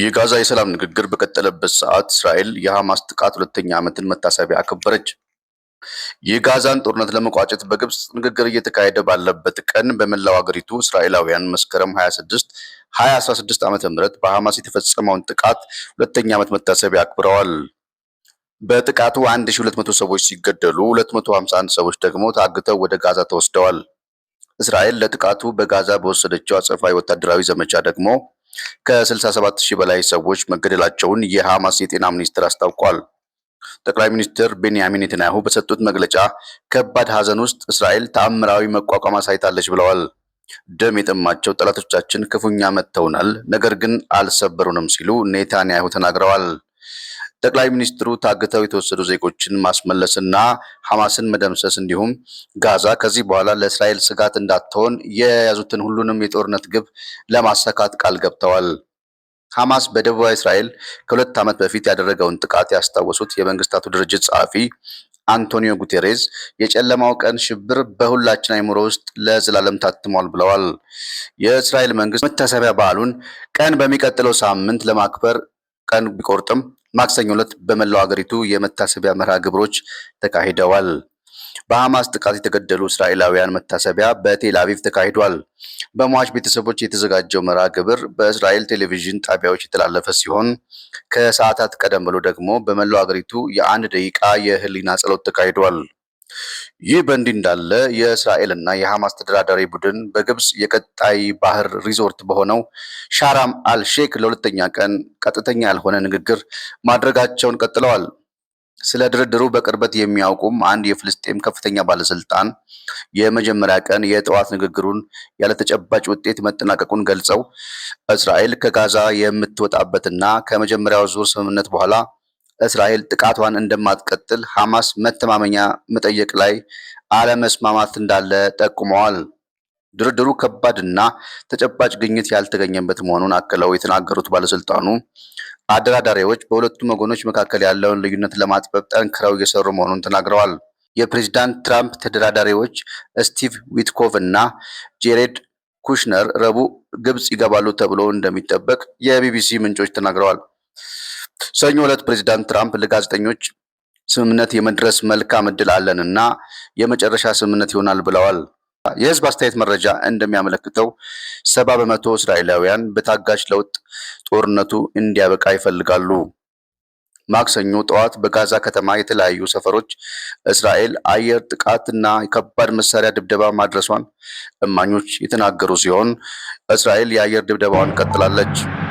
የጋዛ የሰላም ንግግር በቀጠለበት ሰዓት እስራኤል የሐማስ ጥቃት ሁለተኛ ዓመትን መታሰቢያ አከበረች። የጋዛን ጦርነት ለመቋጨት በግብፅ ንግግር እየተካሄደ ባለበት ቀን በመላው አገሪቱ እስራኤላውያን መስከረም 26 2016 ምት በሐማስ የተፈጸመውን ጥቃት ሁለተኛ ዓመት መታሰቢያ አክብረዋል። በጥቃቱ 1200 ሰዎች ሲገደሉ 251 ሰዎች ደግሞ ታግተው ወደ ጋዛ ተወስደዋል። እስራኤል ለጥቃቱ በጋዛ በወሰደችው አጸፋዊ ወታደራዊ ዘመቻ ደግሞ ከ67 ሺህ በላይ ሰዎች መገደላቸውን የሐማስ የጤና ሚኒስትር አስታውቋል። ጠቅላይ ሚኒስትር ቤንያሚን ኔታንያሁ በሰጡት መግለጫ ከባድ ሐዘን ውስጥ እስራኤል ተአምራዊ መቋቋም አሳይታለች ብለዋል። ደም የጠማቸው ጠላቶቻችን ክፉኛ መጥተውናል፣ ነገር ግን አልሰበሩንም ሲሉ ኔታንያሁ ተናግረዋል። ጠቅላይ ሚኒስትሩ ታግተው የተወሰዱ ዜጎችን ማስመለስና ሐማስን መደምሰስ እንዲሁም ጋዛ ከዚህ በኋላ ለእስራኤል ስጋት እንዳትሆን የያዙትን ሁሉንም የጦርነት ግብ ለማሳካት ቃል ገብተዋል። ሐማስ በደቡባዊ እስራኤል ከሁለት ዓመት በፊት ያደረገውን ጥቃት ያስታወሱት የመንግስታቱ ድርጅት ጸሐፊ አንቶኒዮ ጉቴሬዝ የጨለማው ቀን ሽብር በሁላችን አይምሮ ውስጥ ለዘላለም ታትሟል ብለዋል። የእስራኤል መንግስት መታሰቢያ በዓሉን ቀን በሚቀጥለው ሳምንት ለማክበር ቀን ቢቆርጥም ማክሰኞ ዕለት በመላው አገሪቱ የመታሰቢያ መርሃ ግብሮች ተካሂደዋል። በሐማስ ጥቃት የተገደሉ እስራኤላውያን መታሰቢያ በቴል አቪቭ ተካሂዷል። በሟች ቤተሰቦች የተዘጋጀው መርሃ ግብር በእስራኤል ቴሌቪዥን ጣቢያዎች የተላለፈ ሲሆን ከሰዓታት ቀደም ብሎ ደግሞ በመላው አገሪቱ የአንድ ደቂቃ የህሊና ጸሎት ተካሂዷል። ይህ በእንዲህ እንዳለ የእስራኤልና የሐማስ ተደራዳሪ ቡድን በግብፅ የቀጣይ ባህር ሪዞርት በሆነው ሻራም አልሼክ ለሁለተኛ ቀን ቀጥተኛ ያልሆነ ንግግር ማድረጋቸውን ቀጥለዋል። ስለ ድርድሩ በቅርበት የሚያውቁም አንድ የፍልስጤም ከፍተኛ ባለስልጣን የመጀመሪያ ቀን የጠዋት ንግግሩን ያለተጨባጭ ውጤት መጠናቀቁን ገልጸው እስራኤል ከጋዛ የምትወጣበትና ከመጀመሪያው ዙር ስምምነት በኋላ እስራኤል ጥቃቷን እንደማትቀጥል ሐማስ መተማመኛ መጠየቅ ላይ አለመስማማት እንዳለ ጠቁመዋል። ድርድሩ ከባድና ተጨባጭ ግኝት ያልተገኘበት መሆኑን አክለው የተናገሩት ባለስልጣኑ አደራዳሪዎች በሁለቱም ወገኖች መካከል ያለውን ልዩነት ለማጥበብ ጠንክረው እየሰሩ መሆኑን ተናግረዋል። የፕሬዚዳንት ትራምፕ ተደራዳሪዎች ስቲቭ ዊትኮቭ እና ጄሬድ ኩሽነር ረቡዕ ግብፅ ይገባሉ ተብሎ እንደሚጠበቅ የቢቢሲ ምንጮች ተናግረዋል። ሰኞ ዕለት ፕሬዚዳንት ትራምፕ ለጋዜጠኞች ስምምነት የመድረስ መልካም እድል አለን እና የመጨረሻ ስምምነት ይሆናል ብለዋል። የህዝብ አስተያየት መረጃ እንደሚያመለክተው ሰባ በመቶ እስራኤላውያን በታጋች ለውጥ ጦርነቱ እንዲያበቃ ይፈልጋሉ። ማክሰኞ ጠዋት በጋዛ ከተማ የተለያዩ ሰፈሮች እስራኤል አየር ጥቃትና ከባድ መሳሪያ ድብደባ ማድረሷን እማኞች የተናገሩ ሲሆን እስራኤል የአየር ድብደባዋን ቀጥላለች።